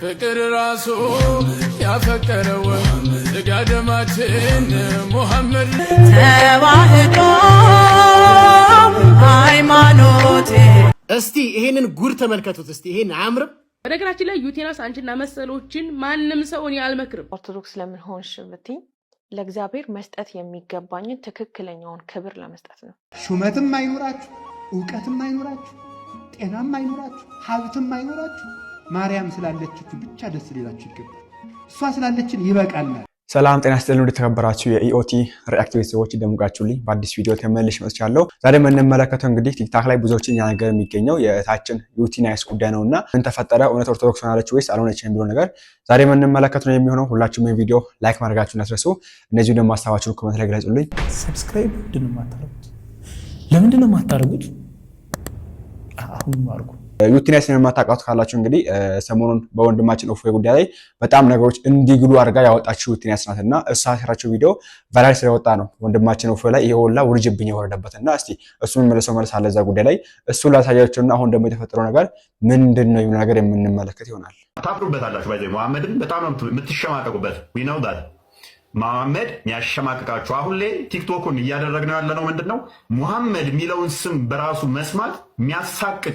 ፍቅር ራሱ ያፈቀረው ስጋ ደማችን ሙሐመድ ተዋህዶ ሃይማኖቴ። እስቲ ይሄንን ጉድ ተመልከቱት። እስቲ ይሄን አያምርም? በነገራችን ላይ ዩቴናስ አንቺና መሰሎችን ማንም ሰው እኔ አልመክርም። ኦርቶዶክስ ለምን ሆንሽ ብትይ ለእግዚአብሔር መስጠት የሚገባኝን ትክክለኛውን ክብር ለመስጠት ነው። ሹመትም አይኖራችሁ፣ እውቀትም አይኖራችሁ፣ ጤናም አይኖራችሁ፣ ሀብትም አይኖራችሁ ማርያም ስላለችችሁ ብቻ ደስ ሊላችሁ ይገባል። እሷ ስላለችን ይበቃልናል። ሰላም ጤና ስጥልን። ወደ የኢኦቲ ሪአክት ቤተሰቦች እንደሙጋችሁልኝ በአዲስ ቪዲዮ ተመልሽ መጥቻለሁ። ዛሬ የምንመለከተው እንግዲህ ቲክታክ ላይ ብዙዎችን እያነገረ የሚገኘው የእህታችን ዩቲናይስ ጉዳይ ነው እና ምን ተፈጠረ? እውነት ኦርቶዶክስ ሆናለች ወይስ አልሆነች የሚለው ነገር ዛሬ የምንመለከት ነው የሚሆነው። ሁላችሁም ቪዲዮ ላይክ ማድረጋችሁ እንዳትረሱ። እነዚሁ ደግሞ ሀሳባችሁን ኮመንት ላይ ገለጹልኝ። ሰብስክራይብ ምንድን ነው የማታደርጉት? ለምንድን ነው የማታደርጉት? አሁን አድርጉ ዩቲናይስን የማታውቃቱ ካላችሁ እንግዲህ ሰሞኑን በወንድማችን እፎይ ጉዳይ ላይ በጣም ነገሮች እንዲግሉ አድርጋ ያወጣችው ዩቲናይስ ናት እና እሷ ሰራችው ቪዲዮ ቫይራል ስለወጣ ነው ወንድማችን እፎይ ላይ ይሄ ሁላ ውርጅብኝ የወረደበት እና እስቲ እሱ የሚመለሰው መልስ አለ እዛ ጉዳይ ላይ እሱ ላሳያችሁ እና አሁን ደግሞ የተፈጠረው ነገር ምንድን ነው የሚሆን ነገር የምንመለከት ይሆናል። ታፍሩበታላችሁ። ባይዘ መሐመድን በጣም ነው የምትሸማቀቁበት። ነው መሐመድ የሚያሸማቅቃችሁ አሁን ላይ ቲክቶኩን እያደረግነው ያለነው ምንድን ነው ሙሐመድ የሚለውን ስም በራሱ መስማት የሚያሳቅቅ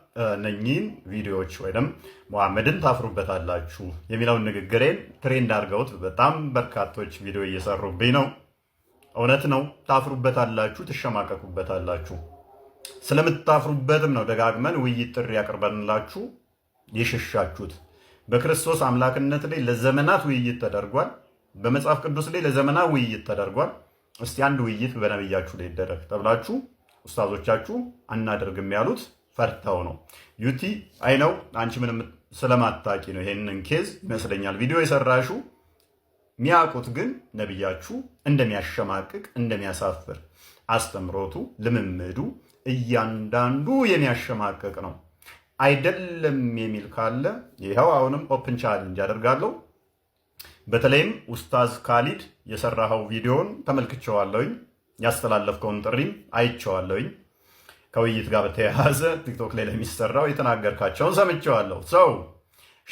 እነኚህን ቪዲዮዎች ወይም መሐመድን ታፍሩበታላችሁ የሚለውን ንግግሬን ትሬንድ አድርገውት በጣም በርካቶች ቪዲዮ እየሰሩብኝ ነው። እውነት ነው፣ ታፍሩበታላችሁ፣ ትሸማቀቁበታላችሁ። ስለምታፍሩበትም ነው ደጋግመን ውይይት ጥሪ ያቅርበንላችሁ የሸሻችሁት። በክርስቶስ አምላክነት ላይ ለዘመናት ውይይት ተደርጓል። በመጽሐፍ ቅዱስ ላይ ለዘመናት ውይይት ተደርጓል። እስቲ አንድ ውይይት በነብያችሁ ላይ ይደረግ ተብላችሁ ኡስታዞቻችሁ አናደርግም ያሉት ፈርተው ነው። ዩቲ አይ ነው አንቺ ምንም ስለማታቂ ነው ይሄንን ኬዝ ይመስለኛል ቪዲዮ የሰራሹ ሚያውቁት ግን ነቢያችሁ እንደሚያሸማቅቅ እንደሚያሳፍር አስተምሮቱ፣ ልምምዱ እያንዳንዱ የሚያሸማቅቅ ነው። አይደለም የሚል ካለ ይኸው አሁንም ኦፕን ቻሌንጅ አደርጋለሁ። በተለይም ኡስታዝ ካሊድ የሰራኸው ቪዲዮን ተመልክቼዋለሁኝ፣ ያስተላለፍከውን ጥሪም አይቼዋለሁኝ። ከውይይት ጋር በተያያዘ ቲክቶክ ላይ ለሚሰራው የተናገርካቸውን ሰምቼዋለሁ። ሰው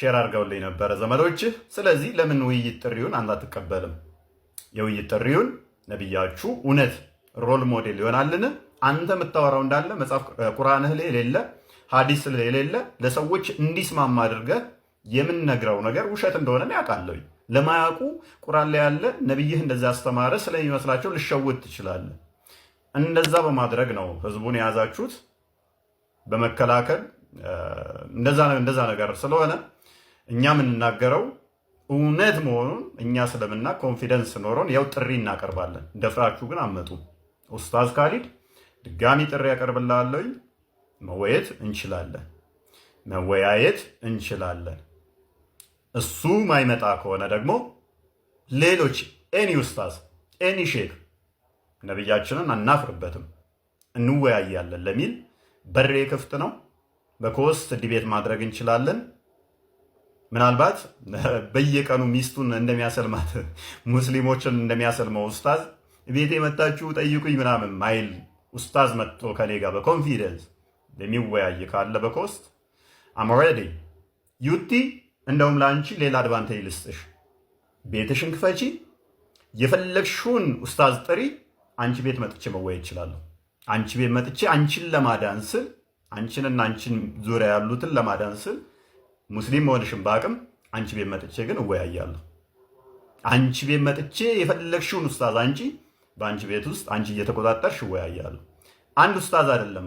ሼር አድርገውልኝ ነበረ ዘመዶችህ። ስለዚህ ለምን ውይይት ጥሪውን አንተ አትቀበልም? የውይይት ጥሪውን ነቢያችሁ እውነት ሮል ሞዴል ይሆናልን? አንተ የምታወራው እንዳለ መጽሐፍ ቁርአንህ ላይ የሌለ ሀዲስ ላይ የሌለ ለሰዎች እንዲስማማ አድርገህ የምንነግረው ነገር ውሸት እንደሆነ ያውቃለሁ። ለማያውቁ ቁርአን ላይ ያለ ነቢይህ እንደዚህ አስተማረ ስለሚመስላቸው ልሸውት ትችላለህ። እንደዛ በማድረግ ነው ህዝቡን የያዛችሁት በመከላከል እንደዛ ነገር ስለሆነ እኛ የምንናገረው እውነት መሆኑን እኛ ስለምና ኮንፊደንስ ኖረን ያው ጥሪ እናቀርባለን። ደፍራችሁ ግን አመጡ። ኡስታዝ ካሊድ ድጋሚ ጥሪ ያቀርብላለኝ። መወየት እንችላለን፣ መወያየት እንችላለን። እሱ ማይመጣ ከሆነ ደግሞ ሌሎች ኤኒ ኡስታዝ ኤኒ ሼክ ነቢያችንን አናፍርበትም፣ እንወያያለን ለሚል በሬ ክፍት ነው። በኮስት ዲቤት ማድረግ እንችላለን። ምናልባት በየቀኑ ሚስቱን እንደሚያሰልማት ሙስሊሞችን እንደሚያሰልመው ኡስታዝ ቤት የመጣችሁ ጠይቁኝ ምናምን ማይል ኡስታዝ መጥቶ ከኔ ጋር በኮንፊደንስ የሚወያይ ካለ በኮስት አምሬዲ ዩቲ እንደውም ለአንቺ ሌላ አድቫንቴጅ ልስጥሽ። ቤትሽን ክፈቺ፣ የፈለግሽውን ኡስታዝ ጥሪ አንቺ ቤት መጥቼ መወያየት እችላለሁ። አንቺ ቤት መጥቼ አንቺን ለማዳን ስል አንቺንና አንቺን ዙሪያ ያሉትን ለማዳን ስል ሙስሊም መሆንሽን በአቅም አንቺ ቤት መጥቼ ግን እወያያለሁ። አንቺ ቤት መጥቼ የፈለግሽውን ኡስታዝ አንቺ በአንቺ ቤት ውስጥ አንቺ እየተቆጣጠርሽ እወያያለሁ። አንድ ኡስታዝ አይደለም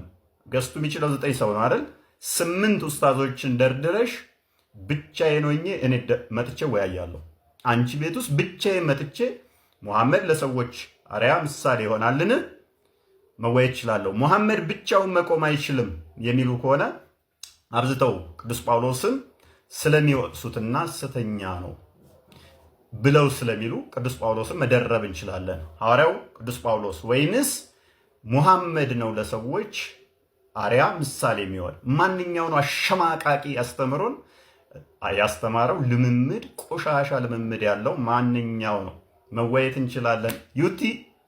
ገስቱ የሚችለው ዘጠኝ ሰው ነው አይደል? ስምንት ኡስታዞችን ደርድረሽ ብቻዬን ሆኜ እኔ መጥቼ እወያያለሁ። አንቺ ቤት ውስጥ ብቻዬን መጥቼ ሙሐመድ ለሰዎች አርያ ምሳሌ ይሆናልን? መወየት ይችላለሁ። ሙሐመድ ብቻውን መቆም አይችልም የሚሉ ከሆነ አብዝተው ቅዱስ ጳውሎስን ስለሚወቅሱትና ስተኛ ነው ብለው ስለሚሉ ቅዱስ ጳውሎስን መደረብ እንችላለን። ሐዋርያው ቅዱስ ጳውሎስ ወይንስ ሙሐመድ ነው ለሰዎች አርያ ምሳሌ የሚሆን? ማንኛው ነው አሸማቃቂ አስተምሮን ያስተማረው? ልምምድ ቆሻሻ ልምምድ ያለው ማንኛው ነው? መወየት እንችላለን። ዩቲ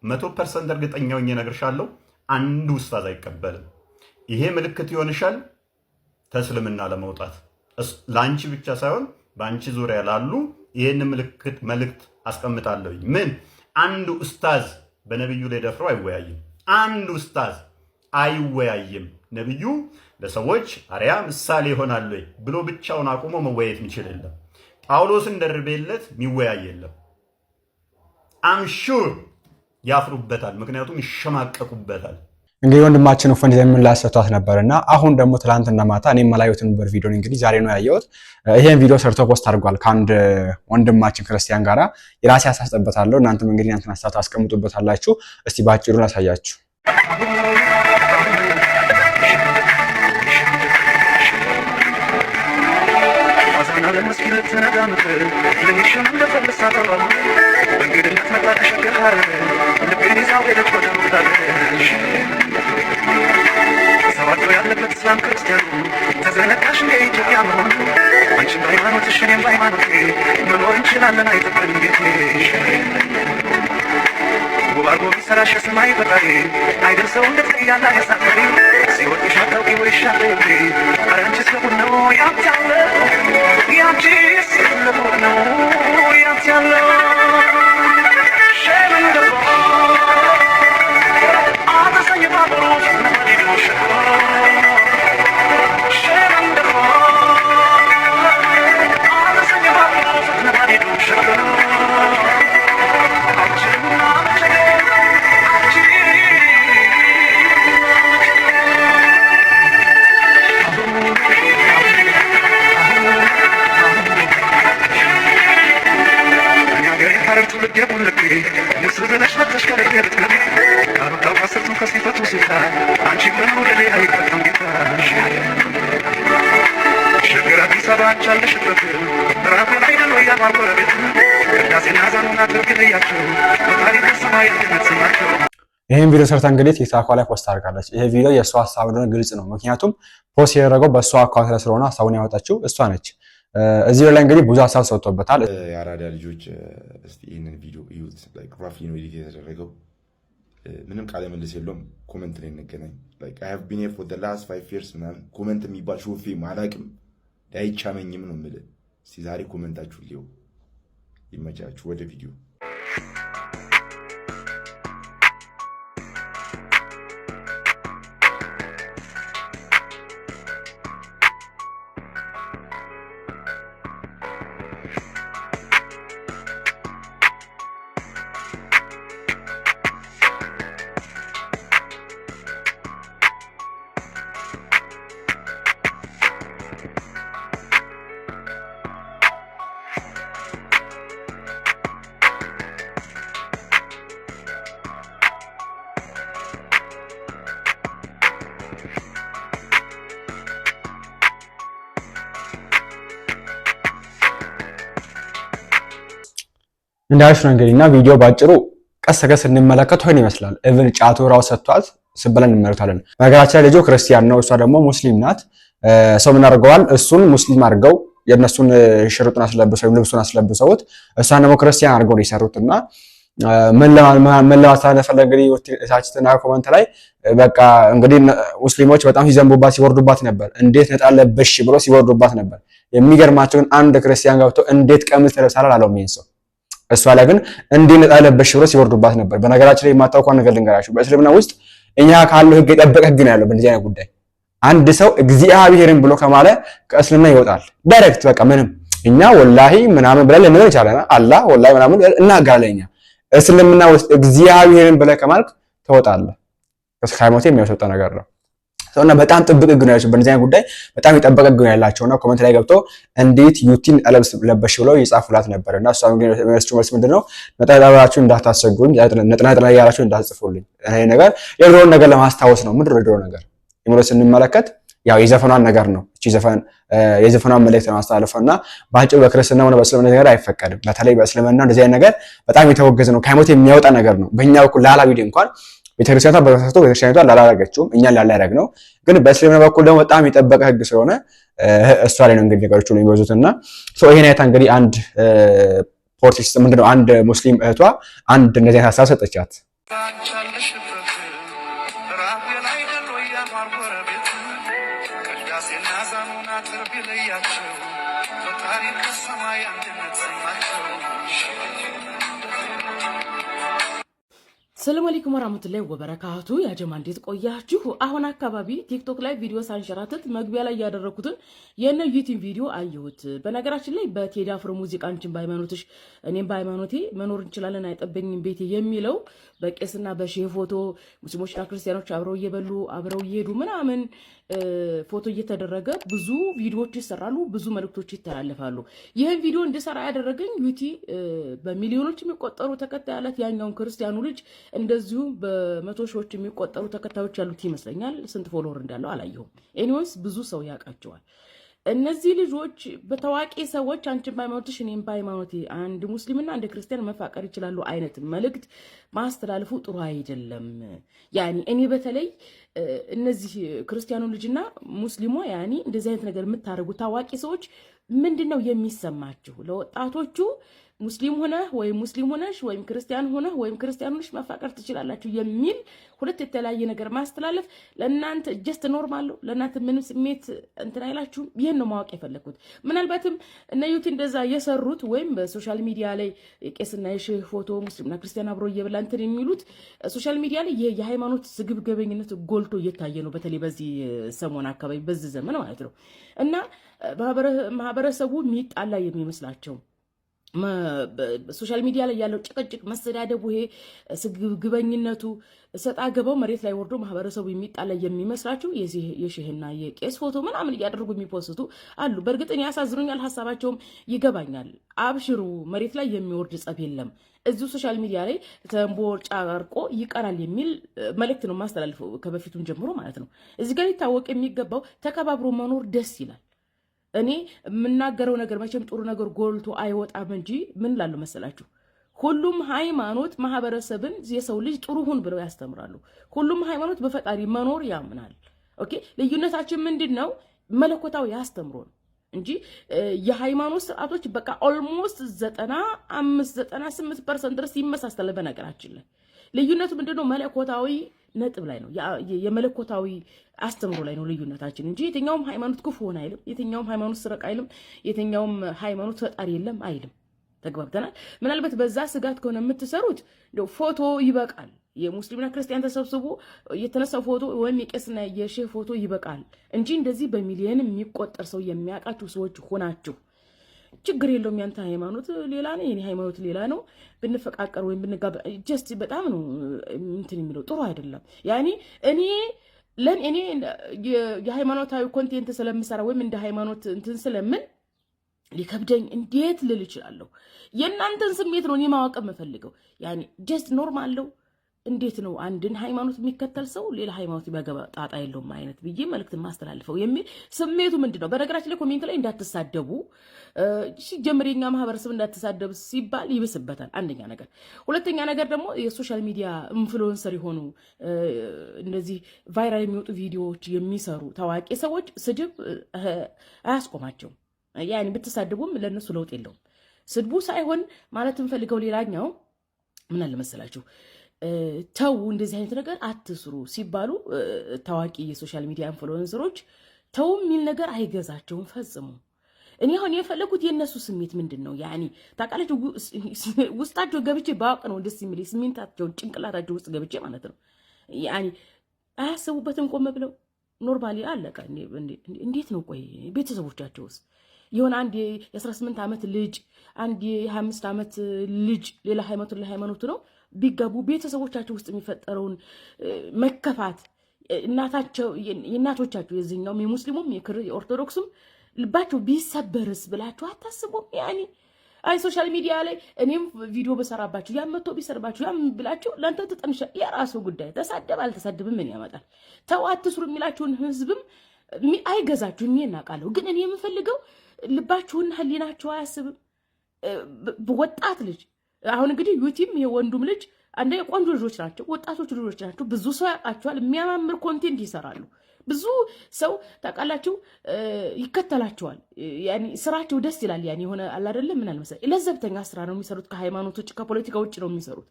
መቶ ፐርሰንት እርግጠኛ ሆኜ እነግርሻለሁ፣ አንድ ውስታዝ አይቀበልም። ይሄ ምልክት ይሆንሻል ተስልምና ለመውጣት ለአንቺ ብቻ ሳይሆን በአንቺ ዙሪያ ላሉ ይህን ምልክት መልእክት አስቀምጣለሁ። ምን አንድ ኡስታዝ በነቢዩ ላይ ደፍረው አይወያይም። አንድ ኡስታዝ አይወያይም። ነቢዩ ለሰዎች አርያ ምሳሌ ይሆናል ብሎ ብቻውን አቁሞ መወያየት የሚችል የለም። ጳውሎስን ደርቤለት የሚወያይ የለም። አምሹር ያፍሩበታል፣ ምክንያቱም ይሸማቀቁበታል። እንግዲህ ወንድማችን ፈንድ ዘሚን ነበር እና አሁን ደግሞ ትላንትና ማታ እኔ መላዩት ነበር ቪዲዮ እንግዲህ ዛሬ ነው ያየሁት። ይሄን ቪዲዮ ሰርቶ ፖስት አድርጓል ከአንድ ወንድማችን ክርስቲያን ጋራ የራሴ አሳስጠበታለሁ። እናንተም እንግዲህ እናንተን አስተያየት አስቀምጡበታላችሁ። እስቲ በአጭሩ ላሳያችሁ። ያለበት እስላም ክርስቲያኑ ተዘነጋሽ እንደ ኢትዮጵያ መሆን አንቺም በሃይማኖትሽ እኔም በሃይማኖቴ መኖር እንችላለን። አይጠበን ቤትሽ አርጎ ቢሰራሽ የሰማይ ፈጣሪ አይደርሰው ያንቺ ያለው ነው ያንቺ ያለው ይህን ቪዲዮ ሰርታ እንግዲህ ቲክታኳ ላይ ፖስት አድርጋለች። ይሄ ቪዲዮ የእሷ ሀሳብ እንደሆነ ግልጽ ነው። ምክንያቱም ፖስት ያደረገው በእሷ አካውንት ላይ ስለሆነ ሀሳቡን ያወጣችው እሷ ነች። እዚህ ላይ እንግዲህ ብዙ ሀሳብ ሰጥቶበታል። የአራዳ ልጆች እስኪ ይህንን ቪዲዮ እዩት። ራፊ ነው ኤዲት የተደረገው። ምንም ቃለ መልስ የለውም። ኮመንት ላይ እንገናኝ። ቢን ፎር ላስት ፋይቭ ይርስ ምናምን ኮመንት የሚባል ሾፌ አላቅም አይቻመኝም ነው የምልህ። እስኪ ዛሬ ኮመንታችሁ ሊው ይመቻችሁ። ወደ ቪዲዮ እንዳልሽ ነው እንግዲህ ቪዲዮ ባጭሩ ቀስ ቀስ እንመለከት ሆን ይመስላል። እብን ጫቱ ራው ሰጥቷት ስብለን እንመለከታለን። በነገራችን ላይ ልጆ ክርስቲያን ነው፣ እሷ ደግሞ ሙስሊም ናት። ሰው ምን አድርገዋል? እሱን ሙስሊም አድርገው የእነሱን ሽርጡን አስለብሰው ልብሱን አስለብሰውት እሷን ደግሞ ክርስቲያን አድርገው የሰሩት እና ምን ለማስተላለፈለ እንግዲህ ታችትና ኮመንት ላይ በቃ እንግዲህ ሙስሊሞች በጣም ሲዘንቡባት ሲወርዱባት ነበር። እንዴት ነጣለበሽ ብሎ ሲወርዱባት ነበር። የሚገርማቸው ግን አንድ ክርስቲያን ገብቶ እንዴት ቀሚስ ለብሳላል አለው ይሄን ሰው እሷ ላይ ግን እንዲህ እንጣለበት ብሎ ሲወርዱባት ነበር። በነገራችን ላይ የማታውቁ እንኳን ነገር ልንገራችሁ። በእስልምና ውስጥ እኛ ካለው ህግ የጠበቀ ህግ ነው ያለው በእንደዚህ አይነት ጉዳይ። አንድ ሰው እግዚአብሔርን ብሎ ከማለ ከእስልምና ይወጣል ዳይሬክት። በቃ ምንም እኛ ወላሂ ምናምን ብለን ልንል እንችላለን። አላህ ወላሂ ምናምን እናገራለን እኛ። እስልምና ውስጥ እግዚአብሔርን ብለህ ከማልክ ትወጣለህ። ከሃይማኖት የሚያስወጣ ነገር ነው። እና በጣም ጥብቅ ህግ ነው ያላቸው። በእነዚህ አይነት ጉዳይ በጣም የጠበቀ ህግ ነው ያላቸው እና ኮመንት ላይ ገብቶ እንዴት ዩቲን አለብስ ለበሽ ብለው ይጻፉላት ነበር እና እሷ መልስ ምንድን ነው ነጠላላችሁ እንዳታሰጉኝ፣ ነጥና ነጥና ያላችሁ እንዳትጽፉልኝ፣ ይሄ ነገር የድሮውን ነገር ለማስታወስ ነው። ምንድን ነው የድሮ ነገር የሚለው ስንመለከት ያው የዘፈኗን ነገር ነው። እቺ ዘፈን የዘፈኗን መልእክት ለማስተላለፈው እና በአጭሩ በክርስትና ሆነ በእስልምና ነገር አይፈቀድም። በተለይ በእስልምና እንደዚህ ነገር በጣም የተወገዘ ነው። ከሃይማኖት የሚያወጣ ነገር ነው። በእኛ በኩል ላላ ላላዊ እንኳን ቤተክርስቲያኗ በመሳሳቱ ቤተክርስቲያኒቷ ላላረገችውም እኛ ላላረግ ነው። ግን በእስልምና በኩል ደግሞ በጣም የጠበቀ ህግ ስለሆነ እሷ ላይ ነው እንግዲህ ነገሮች ሁሉ የሚበዙት እና ይሄን አይታ እንግዲህ አንድ ፕሮቴስት ምንድነው አንድ ሙስሊም እህቷ አንድ እነዚህ አይነት ሀሳብ ሰጠቻት። ሰላም አለይኩም ወራህመቱላሂ ወበረካቱ። ያ ጀማ እንዴት ቆያችሁ? አሁን አካባቢ ቲክቶክ ላይ ቪዲዮ ሳንሸራተት መግቢያ ላይ ያደረኩትን የነ ዩቲዩብ ቪዲዮ አየሁት። በነገራችን ላይ በቴዲ አፍሮ ሙዚቃ አንቺን በሃይማኖትሽ እኔም በሃይማኖቴ መኖር እንችላለን አይጠበኝም ቤቴ የሚለው በቄስና በሼህ ፎቶ ሙስሊሞችና ክርስቲያኖች አብረው እየበሉ አብረው እየሄዱ ምናምን ፎቶ እየተደረገ ብዙ ቪዲዮዎች ይሰራሉ፣ ብዙ መልእክቶች ይተላለፋሉ። ይህን ቪዲዮ እንድሰራ ያደረገኝ ዩቲ በሚሊዮኖች የሚቆጠሩ ተከታይ ያላት ያኛውን ክርስቲያኑ ልጅ እንደዚሁ በመቶ ሺዎች የሚቆጠሩ ተከታዮች ያሉት ይመስለኛል። ስንት ፎሎወር እንዳለው አላየሁም። ኤኒዌይስ ብዙ ሰው ያውቃቸዋል። እነዚህ ልጆች በታዋቂ ሰዎች አንቺን በሃይማኖትሽ እኔም በሃይማኖቴ አንድ ሙስሊምና አንድ ክርስቲያን መፋቀር ይችላሉ አይነት መልእክት ማስተላለፉ ጥሩ አይደለም። ያኒ እኔ በተለይ እነዚህ ክርስቲያኑ ልጅና ሙስሊሟ ያኒ እንደዚህ አይነት ነገር የምታደርጉ ታዋቂ ሰዎች ምንድን ነው የሚሰማችሁ? ለወጣቶቹ ሙስሊም ሆነህ ወይም ሙስሊም ሆነሽ ወይም ክርስቲያን ሆነህ ወይም ክርስቲያን ሆነሽ መፋቀር ትችላላችሁ የሚል ሁለት የተለያየ ነገር ማስተላለፍ ለእናንተ ጀስት ኖርማል ነው። ለእናንተ ምንም ስሜት እንትን አይላችሁም። ይህን ነው ማወቅ የፈለግኩት። ምናልባትም እነዩት እንደዛ የሰሩት ወይም በሶሻል ሚዲያ ላይ የቄስና የሼህ ፎቶ ሙስሊምና ክርስቲያን አብሮ እየበላ እንትን የሚሉት ሶሻል ሚዲያ ላይ የሃይማኖት ስግብገበኝነት ጎልቶ እየታየ ነው። በተለይ በዚህ ሰሞን አካባቢ በዚህ ዘመን ማለት ነው እና ማህበረሰቡ የሚጣላ የሚመስላቸው ሶሻል ሚዲያ ላይ ያለው ጭቅጭቅ፣ መሰዳደቡ፣ ይሄ ስግብግበኝነቱ ሰጣ ገባው መሬት ላይ ወርዶ ማህበረሰቡ የሚጣላ የሚመስላቸው የሼህና የቄስ ፎቶ ምናምን እያደረጉ የሚፖስቱ አሉ። በእርግጥን ያሳዝኑኛል፣ ሀሳባቸውም ይገባኛል። አብሽሩ፣ መሬት ላይ የሚወርድ ጸብ የለም። እዚሁ ሶሻል ሚዲያ ላይ ተንቦ ጫርቆ ይቀራል የሚል መልእክት ነው ማስተላልፈው ከበፊቱን ጀምሮ ማለት ነው። እዚህ ጋር ሊታወቅ የሚገባው ተከባብሮ መኖር ደስ ይላል። እኔ የምናገረው ነገር መቼም ጥሩ ነገር ጎልቶ አይወጣም እንጂ ምን ላለው መሰላችሁ ሁሉም ሃይማኖት ማህበረሰብን የሰው ልጅ ጥሩ ሁን ብለው ያስተምራሉ። ሁሉም ሃይማኖት በፈጣሪ መኖር ያምናል። ኦኬ ልዩነታችን ምንድን ነው? መለኮታዊ ያስተምሮን ነው እንጂ የሃይማኖት ስርዓቶች በቃ ኦልሞስት ዘጠና አምስት ዘጠና ስምንት ፐርሰንት ድረስ ይመሳሰላል። በነገራችን ላይ ልዩነቱ ምንድን ነው? መለኮታዊ ነጥብ ላይ ነው የመለኮታዊ አስተምሮ ላይ ነው ልዩነታችን እንጂ የትኛውም ሃይማኖት ክፉ ሆን አይልም። የትኛውም ሃይማኖት ስረቅ አይልም። የትኛውም ሃይማኖት ፈጣሪ የለም አይልም። ተግባብተናል። ምናልባት በዛ ስጋት ከሆነ የምትሰሩት ፎቶ ይበቃል። የሙስሊምና ክርስቲያን ተሰብስቦ የተነሳው ፎቶ ወይም የቄስና የሼህ ፎቶ ይበቃል እንጂ እንደዚህ በሚሊየን የሚቆጠር ሰው የሚያውቃችሁ ሰዎች ሆናችሁ ችግር የለውም። ያንተ ሃይማኖት ሌላ ነው፣ የኔ ሃይማኖት ሌላ ነው። ብንፈቃቀር ወይም ብንጋባ ጀስት በጣም ነው እንትን የሚለው ጥሩ አይደለም። ያኔ እኔ ለን እኔ የሃይማኖታዊ ኮንቴንት ስለምሰራ ወይም እንደ ሃይማኖት እንትን ስለምን ሊከብደኝ እንዴት ልል እችላለሁ? የእናንተን ስሜት ነው እኔ ማወቅ የምፈልገው። ያኔ ጀስት ኖርማል ነው እንዴት ነው አንድን ሃይማኖት የሚከተል ሰው ሌላ ሃይማኖት ቢያገባ ጣጣ የለውም አይነት ብዬ መልእክት ማስተላልፈው የሚል ስሜቱ ምንድን ነው? በነገራችን ላይ ኮሜንት ላይ እንዳትሳደቡ ሲጀምር የኛ ማህበረሰብ እንዳትሳደብ ሲባል ይብስበታል። አንደኛ ነገር፣ ሁለተኛ ነገር ደግሞ የሶሻል ሚዲያ ኢንፍሉዌንሰር የሆኑ እንደዚህ ቫይራል የሚወጡ ቪዲዮዎች የሚሰሩ ታዋቂ ሰዎች ስድብ አያስቆማቸውም። ያን ብትሳድቡም ለእነሱ ለውጥ የለውም። ስድቡ ሳይሆን ማለት የምፈልገው ሌላኛው ምን አለ መሰላችሁ ተዉ እንደዚህ አይነት ነገር አትስሩ ሲባሉ ታዋቂ የሶሻል ሚዲያ ኢንፍሉዌንሰሮች ተው የሚል ነገር አይገዛቸውም ፈጽሞ። እኔ አሁን የፈለጉት የእነሱ ስሜት ምንድን ነው? ያኔ ታውቃላችሁ፣ ውስጣቸው ገብቼ ባወቅ ነው ደስ የሚል ስሜታቸውን፣ ጭንቅላታቸው ውስጥ ገብቼ ማለት ነው። ያኔ አያስቡበትም ቆመ ብለው ኖርማሊ አለቀ። እንዴት ነው ቆይ ቤተሰቦቻቸውስ? የሆነ አንድ የ18 ዓመት ልጅ አንድ የ25 ዓመት ልጅ ሌላ ሃይማኖት ለሃይማኖቱ ነው ቢገቡ ቤተሰቦቻቸው ውስጥ የሚፈጠረውን መከፋት እናታቸው የእናቶቻቸው የዚህኛውም የሙስሊሙም የክር የኦርቶዶክሱም ልባቸው ቢሰበርስ ብላችሁ አታስቡም? ያኔ አይ ሶሻል ሚዲያ ላይ እኔም ቪዲዮ በሰራባችሁ ያም መቶ ቢሰርባችሁ ያም ብላችሁ ለአንተ ተጠንሻ የራሱ ጉዳይ ተሳደብ አልተሳደብም ምን ያመጣል? ተው አትስሩ የሚላችሁን ህዝብም አይገዛችሁ። እኔ እናውቃለሁ፣ ግን እኔ የምፈልገው ልባችሁና ህሊናችሁ አያስብም ወጣት ልጅ አሁን እንግዲህ ዩቲም ይሄ ወንዱም ልጅ አንደ ቆንጆ ልጆች ናቸው፣ ወጣቶች ልጆች ናቸው። ብዙ ሰው ያውቃቸዋል። የሚያማምር ኮንቴንት ይሰራሉ። ብዙ ሰው ታውቃላችሁ ይከተላቸዋል። ስራቸው ደስ ይላል። ያ የሆነ አላደለም ምን አልመሰለኝ ለዘብተኛ ስራ ነው የሚሰሩት። ከሃይማኖት ውጭ ከፖለቲካ ውጭ ነው የሚሰሩት።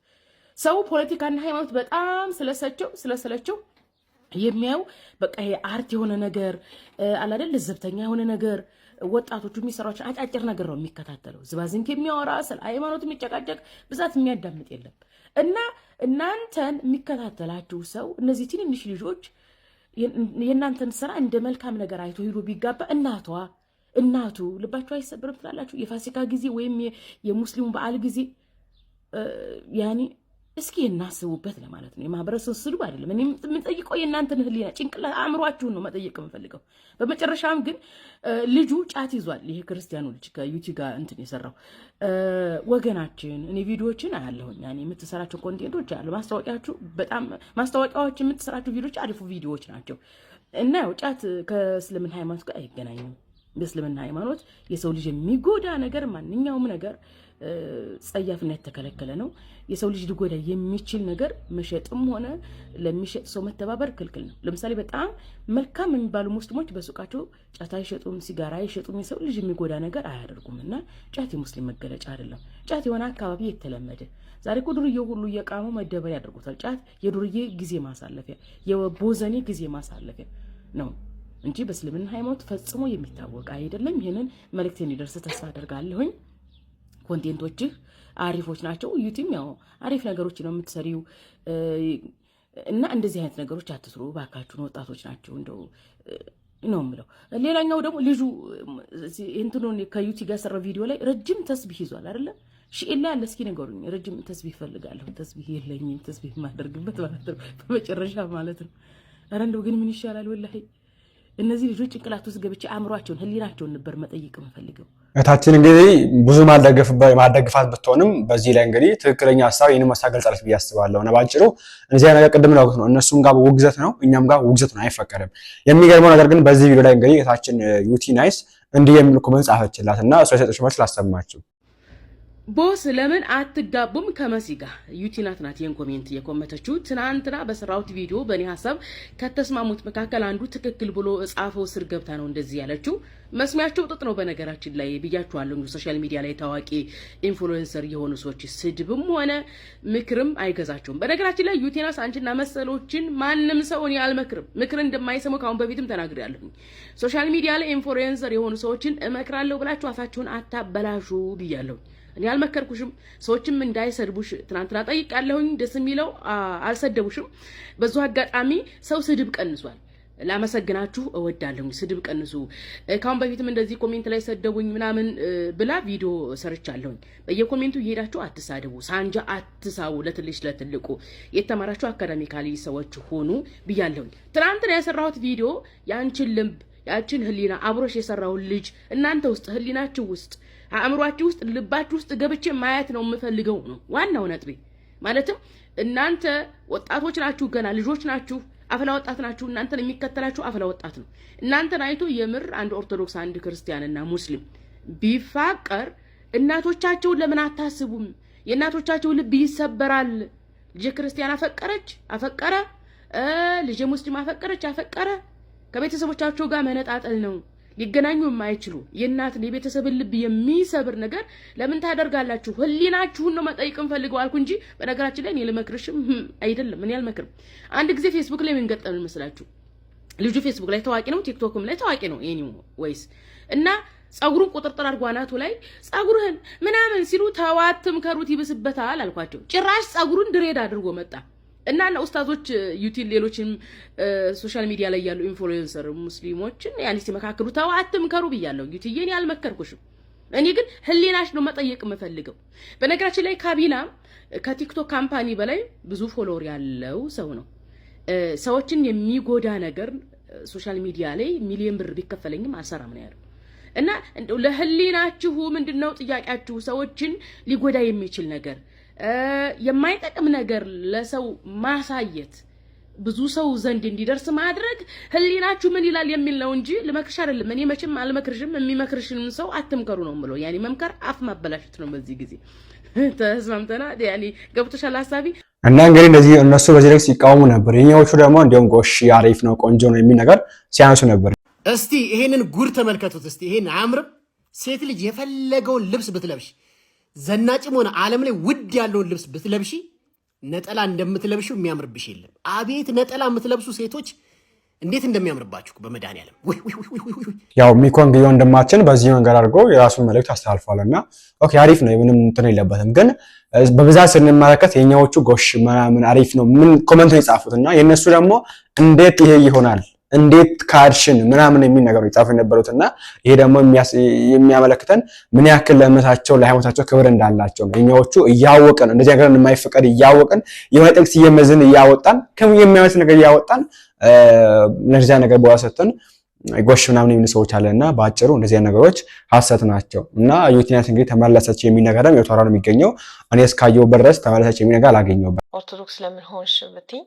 ሰው ፖለቲካና ሃይማኖት በጣም ስለሰቸው ስለሰለቸው የሚያዩ በቃ ይሄ አርት የሆነ ነገር አላደል፣ ለዘብተኛ የሆነ ነገር ወጣቶቹ የሚሰሯቸው አጫጭር ነገር ነው የሚከታተለው። ዝባዝንክ የሚያወራ ስለ ሃይማኖት የሚጨቃጨቅ ብዛት የሚያዳምጥ የለም። እና እናንተን የሚከታተላችሁ ሰው እነዚህ ትንንሽ ልጆች የእናንተን ስራ እንደ መልካም ነገር አይቶ ሂዶ ቢጋባ እናቷ እናቱ ልባችሁ አይሰብርም ትላላችሁ? የፋሲካ ጊዜ ወይም የሙስሊሙ በዓል ጊዜ ያኔ እስኪ እናስቡበት ለማለት ነው። የማህበረሰብ ስድብ አይደለም። እኔ የምጠይቀው የእናንተን ህሊና ጭንቅላ አእምሯችሁን ነው መጠየቅ የምፈልገው። በመጨረሻም ግን ልጁ ጫት ይዟል። ይሄ ክርስቲያኑ ልጅ ከዩቲ ጋር እንትን የሰራው ወገናችን፣ እኔ ቪዲዮዎችን አያለሁኝ። ያኔ የምትሰራቸው ኮንቴንቶች አሉ። ማስታወቂያችሁ በጣም ማስታወቂያዎች፣ የምትሰራቸው ቪዲዮች አሪፉ ቪዲዮዎች ናቸው እና ያው ጫት ከእስልምና ሃይማኖት ጋር አይገናኝም። በእስልምና ሃይማኖት የሰው ልጅ የሚጎዳ ነገር ማንኛውም ነገር ጸያፍነት የተከለከለ ነው። የሰው ልጅ ሊጎዳ የሚችል ነገር መሸጥም ሆነ ለሚሸጥ ሰው መተባበር ክልክል ነው። ለምሳሌ በጣም መልካም የሚባሉ ሙስሊሞች በሱቃቸው ጫት አይሸጡም፣ ሲጋራ አይሸጡም። የሰው ልጅ የሚጎዳ ነገር አያደርጉም እና ጫት የሙስሊም መገለጫ አይደለም። ጫት የሆነ አካባቢ የተለመደ ዛሬ እኮ ዱርዬ ሁሉ እየቃሙ መደበሪያ ያደርጉታል። ጫት የዱርዬ ጊዜ ማሳለፊያ የቦዘኔ ጊዜ ማሳለፊያ ነው እንጂ በእስልምና ሃይማኖት ፈጽሞ የሚታወቅ አይደለም። ይህንን መልእክት እንዲደርስ ተስፋ አደርጋለሁኝ። ኮንቴንቶችህ አሪፎች ናቸው። ዩቲም ያው አሪፍ ነገሮች ነው የምትሰሪው እና እንደዚህ አይነት ነገሮች አትስሩ ባካችሁን፣ ወጣቶች ናቸው እንደው ነው የምለው። ሌላኛው ደግሞ ልጁ እንትኑን ከዩቲ ጋር ሰራው ቪዲዮ ላይ ረጅም ተስቢህ ይዟል አይደለ? ላይ ያለ እስኪ ነገሩኝ። ረጅም ተስቢህ ይፈልጋለሁ። ተስቢህ የለኝም። ተስቢህ የማደርግበት ማለት ነው በመጨረሻ ማለት ነው። ኧረ እንደው ግን ምን ይሻላል ወላሂ እነዚህ ልጆች ጭንቅላት ውስጥ ገብቼ አእምሯቸውን ህሊናቸውን ነበር መጠየቅ የምፈልገው። እህታችን እንግዲህ ብዙ ማደግፋት ብትሆንም በዚህ ላይ እንግዲህ ትክክለኛ ሀሳብ ይህን ሀሳብ ገልጻለች ብዬ አስባለሁ። እና ባጭሩ እነዚህ ነገር ቅድም ላውቅት ነው እነሱም ጋር ውግዘት ነው፣ እኛም ጋር ውግዘት ነው፣ አይፈቀድም። የሚገርመው ነገር ግን በዚህ ቪዲዮ ላይ እንግዲህ እህታችን ዩቲ ናይስ እንዲህ የሚል ኮመንት ጻፈችላት እና እሷ የሰጠች መልስ ላሰማችው ቦስ ለምን አትጋቡም ከመሲ ጋር? ዩቲናት ናት ይህን ኮሜንት የኮመተችው። ትናንትና በሰራሁት ቪዲዮ በእኔ ሀሳብ ከተስማሙት መካከል አንዱ ትክክል ብሎ እጻፈው ስር ገብታ ነው እንደዚህ ያለችው። መስሚያቸው ጥጥ ነው በነገራችን ላይ ብያችኋለሁ። ሶሻል ሚዲያ ላይ ታዋቂ ኢንፍሉዌንሰር የሆኑ ሰዎች ስድብም ሆነ ምክርም አይገዛቸውም። በነገራችን ላይ ዩቲናስ አንቺና መሰሎችን ማንም ሰው እኔ አልመክርም፣ ምክር እንደማይሰሙ ከአሁን በፊትም ተናግሬያለሁ። ሶሻል ሚዲያ ላይ ኢንፍሉዌንሰር የሆኑ ሰዎችን እመክራለሁ ብላችሁ አፋችሁን አታበላሹ ብያለሁኝ። እኔ አልመከርኩሽም። ሰዎችም እንዳይሰድቡሽ ትናንትና ጠይቃለሁኝ። ደስ የሚለው አልሰደቡሽም። በዙ አጋጣሚ ሰው ስድብ ቀንሷል። ላመሰግናችሁ እወዳለሁኝ። ስድብ ቀንሱ። ካሁን በፊትም እንደዚህ ኮሜንት ላይ ሰደቡኝ ምናምን ብላ ቪዲዮ ሰርቻለሁኝ። በየኮሜንቱ እየሄዳችሁ አትሳደቡ፣ ሳንጃ አትሳቡ። ለትልሽ ለትልቁ የተማራችሁ አካዳሚካሊ ሰዎች ሆኑ ብያለሁኝ። ትናንት ነው ያሰራሁት ቪዲዮ ያንቺን ልምብ ያችን ህሊና አብሮሽ የሰራውን ልጅ እናንተ ውስጥ ህሊናችሁ ውስጥ አእምሯችሁ ውስጥ ልባችሁ ውስጥ ገብቼ ማየት ነው የምፈልገው ነው ዋናው ነጥቤ። ማለትም እናንተ ወጣቶች ናችሁ፣ ገና ልጆች ናችሁ፣ አፍላ ወጣት ናችሁ። እናንተን የሚከተላችሁ አፍላ ወጣት ነው። እናንተን አይቶ የምር አንድ ኦርቶዶክስ አንድ ክርስቲያንና ሙስሊም ቢፋቀር እናቶቻቸውን ለምን አታስቡም? የእናቶቻቸው ልብ ይሰበራል። ልጄ ክርስቲያን አፈቀረች አፈቀረ፣ ልጄ ሙስሊም አፈቀረች አፈቀረ፣ ከቤተሰቦቻቸው ጋር መነጣጠል ነው። ሊገናኙ የማይችሉ የእናትን የቤተሰብን ልብ የሚሰብር ነገር ለምን ታደርጋላችሁ? ህሊናችሁን ነው መጠይቅ እንፈልገው አልኩ እንጂ በነገራችን ላይ እኔ ልመክርሽም አይደለም። እኔ አልመክርም። አንድ ጊዜ ፌስቡክ ላይ የምንገጠም ይመስላችሁ? ልጁ ፌስቡክ ላይ ታዋቂ ነው፣ ቲክቶክም ላይ ታዋቂ ነው። ኒ ወይስ እና ጸጉሩን ቁጥርጥር አድርጎ አናቱ ላይ ጸጉርህን ምናምን ሲሉ ተዋትም ከሩት ይብስበታል አልኳቸው። ጭራሽ ጸጉሩን ድሬድ አድርጎ መጣ። እና ኡስታዞች ዩቲል ሌሎችን ሶሻል ሚዲያ ላይ ያሉ ኢንፍሉዌንሰር ሙስሊሞችን ያኔ ሲመካከሉ ተው አትምከሩ ብያለሁ። ዩቲዬን ያልመከርኩሽም እኔ ግን ህሊናሽ ነው መጠየቅ የምፈልገው። በነገራችን ላይ ካቢና ከቲክቶክ ካምፓኒ በላይ ብዙ ፎሎወር ያለው ሰው ነው። ሰዎችን የሚጎዳ ነገር ሶሻል ሚዲያ ላይ ሚሊዮን ብር ቢከፈለኝም አልሰራም ነው ያለው። እና ለህሊናችሁ ምንድነው ጥያቄያችሁ? ሰዎችን ሊጎዳ የሚችል ነገር የማይጠቅም ነገር ለሰው ማሳየት ብዙ ሰው ዘንድ እንዲደርስ ማድረግ ህሊናችሁ ምን ይላል የሚል ነው እንጂ ልመክርሽ አይደለም። እኔ መቼም አልመክርሽም። የሚመክርሽንም ሰው አትምከሩ ነው የምለው። ያኔ መምከር አፍ ማበላሸት ነው። በዚህ ጊዜ ተስማምተና ያኔ ገብቶሻል ሀሳቢ እና እንግዲህ እንደዚህ እነሱ በዚህ ላይ ሲቃወሙ ነበር። የኛዎቹ ደግሞ እንዲሁም ጎሽ አሪፍ ነው ቆንጆ ነው የሚል ነገር ሲያንሱ ነበር። እስቲ ይሄንን ጉድ ተመልከቱት። እስቲ ይሄን አያምርም? ሴት ልጅ የፈለገውን ልብስ ብትለብሽ ዘናጭም ሆነ ዓለም ላይ ውድ ያለውን ልብስ ብትለብሺ ነጠላ እንደምትለብሽው የሚያምርብሽ የለም። አቤት ነጠላ የምትለብሱ ሴቶች እንዴት እንደሚያምርባችሁ በመድኃኒዓለም። ያው ሚኮንግ ወንድማችን በዚህ መንገድ አድርጎ የራሱን መልእክት አስተላልፏል እና ኦኬ አሪፍ ነው፣ ምንም እንትን የለበትም። ግን በብዛት ስንመለከት የኛዎቹ ጎሽ ምናምን አሪፍ ነው ምን ኮመንቱን የጻፉት እና የእነሱ ደግሞ እንዴት ይሄ ይሆናል እንዴት ካድሽን ምናምን የሚል ነገር ነው የጻፉ የነበሩት እና ይሄ ደግሞ የሚያመለክተን ምን ያክል ለእምነታቸው ለሃይማኖታቸው ክብር እንዳላቸው ነው። እኛዎቹ እያወቅን እንደዚህ ነገር የማይፈቀድ እያወቅን የሆነ ጥቅስ እየመዝን እያወጣን የሚያመስ ነገር እያወጣን ለዚያ ነገር በኋላ ሰጥተን ጎሽ ምናምን የሚሉ ሰዎች አለ እና በአጭሩ እንደዚህ ነገሮች ሀሰት ናቸው እና ዩቲናት እንግዲህ ተመለሰች የሚል ነገር ደግሞ የተወራ ነው የሚገኘው። እኔ እስካየሁበት ድረስ ተመለሰች የሚል ነገር አላገኘሁበት ኦርቶዶክስ ለምን ሆንሽ ብትይ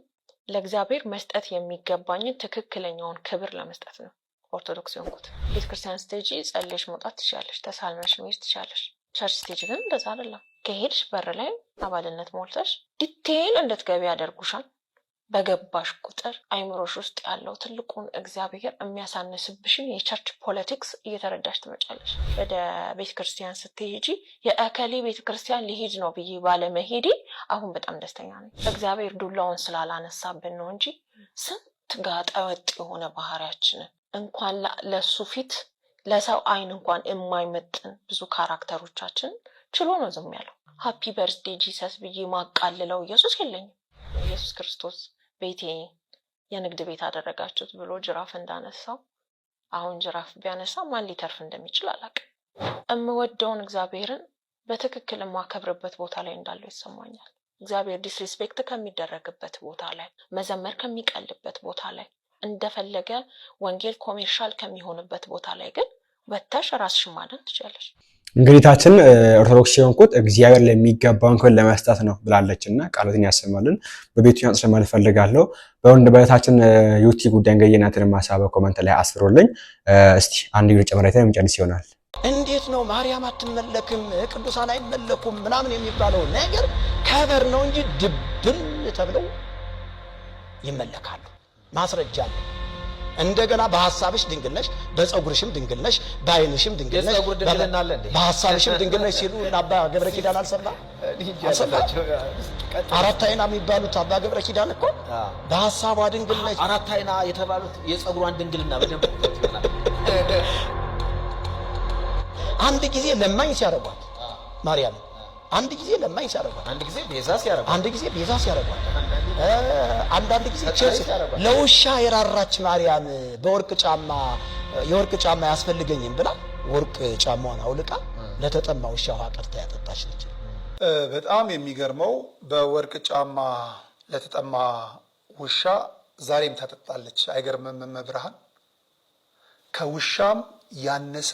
ለእግዚአብሔር መስጠት የሚገባኝን ትክክለኛውን ክብር ለመስጠት ነው ኦርቶዶክስ የሆንኩት። ቤተክርስቲያን ስቴጂ ጸልሽ መውጣት ትችላለሽ፣ ተሳልመሽ መሄድ ትችላለሽ። ቸርች ስቴጅ ግን እንደዛ አይደለም። ከሄድሽ በር ላይ አባልነት ሞልተሽ ዲቴይል እንድትገቢ ያደርጉሻል። በገባሽ ቁጥር አይምሮሽ ውስጥ ያለው ትልቁን እግዚአብሔር የሚያሳንስብሽን የቸርች ፖለቲክስ እየተረዳሽ ትመጫለች። ወደ ቤተክርስቲያን ስትሄጂ የእከሌ ቤተክርስቲያን ሊሄድ ነው ብዬ ባለመሄዴ አሁን በጣም ደስተኛ ነኝ። እግዚአብሔር ዱላውን ስላላነሳብን ነው እንጂ ስንት ጋጠወጥ የሆነ ባህሪያችንን እንኳን ለሱ ፊት ለሰው አይን እንኳን የማይመጥን ብዙ ካራክተሮቻችን ችሎ ነው ዝም ያለው። ሀፒ በርስዴ ጂሰስ ብዬ ማቃልለው ኢየሱስ የለኝም። ኢየሱስ ክርስቶስ ቤቴ የንግድ ቤት አደረጋችሁት ብሎ ጅራፍ እንዳነሳው አሁን ጅራፍ ቢያነሳ ማን ሊተርፍ እንደሚችል አላውቅም። እምወደውን እግዚአብሔርን በትክክል የማከብርበት ቦታ ላይ እንዳለው ይሰማኛል። እግዚአብሔር ዲስሪስፔክት ከሚደረግበት ቦታ ላይ፣ መዘመር ከሚቀልበት ቦታ ላይ፣ እንደፈለገ ወንጌል ኮሜርሻል ከሚሆንበት ቦታ ላይ ግን ወጥተሽ ራስሽን ማዳን ትችያለሽ። እንግዲታችን ኦርቶዶክስ የሆንኩት እግዚአብሔር ለሚገባውን ክብር ለመስጠት ነው ብላለች እና ቃሎትን ያሰማልን በቤቱ ያጽልማል እፈልጋለሁ። በወንድ በእህታችን ዩቲ ጉዳይ እንገየናትን ማሳበ ኮመንት ላይ አስፍሮልኝ እስቲ አንድ ጊዜ ጨምራይታ የሚጨንስ ይሆናል። እንዴት ነው ማርያም አትመለክም፣ ቅዱሳን አይመለኩም ምናምን የሚባለው ነገር ከበር ነው እንጂ ድብን ተብለው ይመለካሉ። ማስረጃ አለ። እንደገና በሀሳብሽ ድንግል ነሽ፣ በፀጉርሽም ድንግል ነሽ፣ በአይንሽም ድንግል ነሽ፣ በሀሳብሽም ድንግል ነሽ ሲሉ እና አባ ገብረ ኪዳን አልሰማ አራት አይና የሚባሉት አባ ገብረ ኪዳን እኮ በሀሳቧ ድንግል ነች። አራት አይና የተባሉት የፀጉሯን ድንግልና በደንብ አንድ ጊዜ ለማኝ ሲያደርጓት ማርያም አንድ ጊዜ ለማኝ ሲያደርጓል፣ አንድ ጊዜ ቤዛ ሲያደርጓል፣ አንድ ጊዜ ቤዛ ሲያደርጓል፣ አንዳንድ ጊዜ ቸርስ ለውሻ የራራች ማርያም በወርቅ ጫማ የወርቅ ጫማ ያስፈልገኝም ብላ ወርቅ ጫማዋን አውልቃ ለተጠማ ውሻ ውሃ ቀርታ ያጠጣች ነች። በጣም የሚገርመው በወርቅ ጫማ ለተጠማ ውሻ ዛሬም ታጠጣለች። አይገርምም? መብርሃን ከውሻም ያነሰ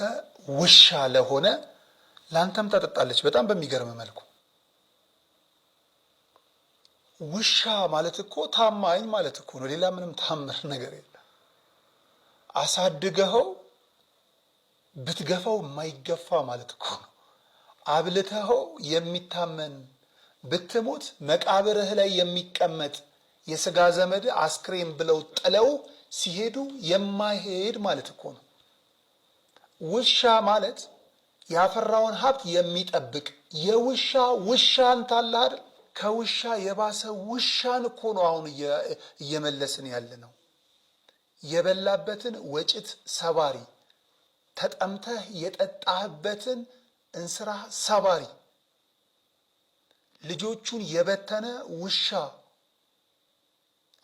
ውሻ ለሆነ ለአንተም ታጠጣለች። በጣም በሚገርም መልኩ ውሻ ማለት እኮ ታማኝ ማለት እኮ ነው። ሌላ ምንም ታምር ነገር የለም። አሳድገኸው ብትገፋው የማይገፋ ማለት እኮ ነው። አብልተኸው የሚታመን ብትሞት መቃብርህ ላይ የሚቀመጥ የስጋ ዘመድ አስክሬን ብለው ጥለው ሲሄዱ የማይሄድ ማለት እኮ ነው። ውሻ ማለት ያፈራውን ሀብት የሚጠብቅ የውሻ ውሻን ታለህ አይደል? ከውሻ የባሰ ውሻን እኮ ነው አሁን እየመለስን ያለ ነው። የበላበትን ወጭት ሰባሪ፣ ተጠምተህ የጠጣህበትን እንስራ ሰባሪ፣ ልጆቹን የበተነ ውሻ።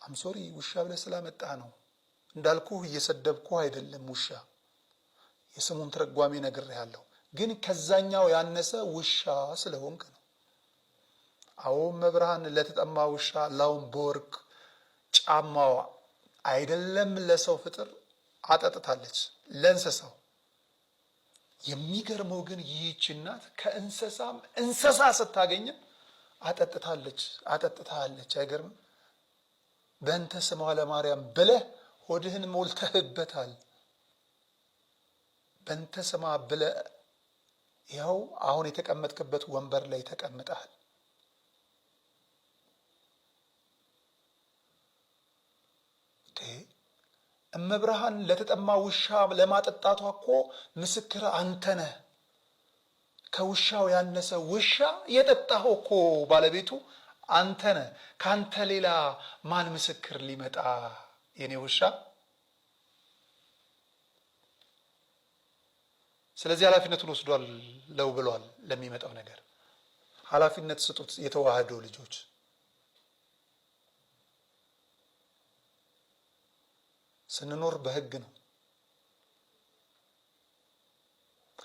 አምሶሪ ውሻ ብለህ ስላመጣ ነው እንዳልኩህ፣ እየሰደብኩህ አይደለም። ውሻ የስሙን ትርጓሜ ነግሬሃለሁ። ግን ከዛኛው ያነሰ ውሻ ስለሆንክ ነው። አዎ መብርሃን ለተጠማ ውሻ ላውን በወርቅ ጫማዋ አይደለም ለሰው ፍጥር አጠጥታለች ለእንስሳው። የሚገርመው ግን ይህች እናት ከእንስሳም እንስሳ ስታገኘ አጠጥታለች አጠጥታለች። አይገርምም? በእንተ ስማ ለማርያም ብለህ ሆድህን ሞልተህበታል። በእንተ ስማ ብለህ ይኸው አሁን የተቀመጥክበት ወንበር ላይ ተቀምጠሃል። እመብርሃን ለተጠማ ውሻ ለማጠጣቷ እኮ ምስክር አንተ ነህ። ከውሻው ያነሰ ውሻ የጠጣኸው እኮ ባለቤቱ አንተ ነህ። ከአንተ ሌላ ማን ምስክር ሊመጣ የኔ ውሻ ስለዚህ ኃላፊነቱን ወስዷል ለው ብሏል። ለሚመጣው ነገር ኃላፊነት ስጡት። የተዋህዶ ልጆች ስንኖር በህግ ነው።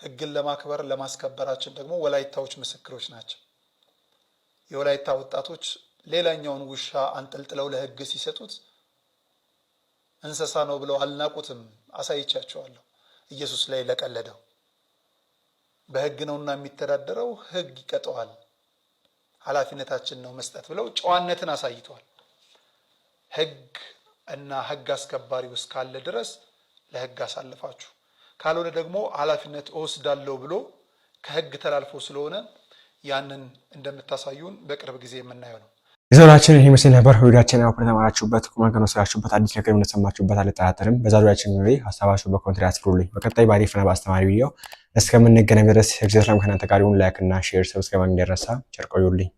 ህግን ለማክበር ለማስከበራችን ደግሞ ወላይታዎች ምስክሮች ናቸው። የወላይታ ወጣቶች ሌላኛውን ውሻ አንጠልጥለው ለህግ ሲሰጡት እንስሳ ነው ብለው አልናቁትም። አሳይቻቸዋለሁ ኢየሱስ ላይ ለቀለደው በህግ ነውና የሚተዳደረው ህግ ይቀጠዋል፣ ኃላፊነታችን ነው መስጠት ብለው ጨዋነትን አሳይተዋል። ህግ እና ህግ አስከባሪው እስካለ ድረስ ለህግ አሳልፋችሁ ካልሆነ ደግሞ ኃላፊነት እወስዳለሁ ብሎ ከህግ ተላልፎ ስለሆነ ያንን እንደምታሳዩን በቅርብ ጊዜ የምናየው ነው። የዘውዳችን ይህ ምስል ነበር። ሁዳችን ያው ከተማራችሁበት ቁማ ገኖ ስራችሁበት አዲስ ነገር እንደሰማችሁበት አልጠራጠርም። በዛ ዙሪያችን ኖሬ ሀሳባችሁ በኮንትሪ አስፍሩልኝ። በቀጣይ በአሪፍና በአስተማሪ ቪዲዮ እስከምንገናኝ ድረስ እግዚአብሔር ሰላም ከእናንተ ጋር ይሁን። ላይክ እና ሼር ሰብስክራይብ እንደረሳ ጨርቆዩልኝ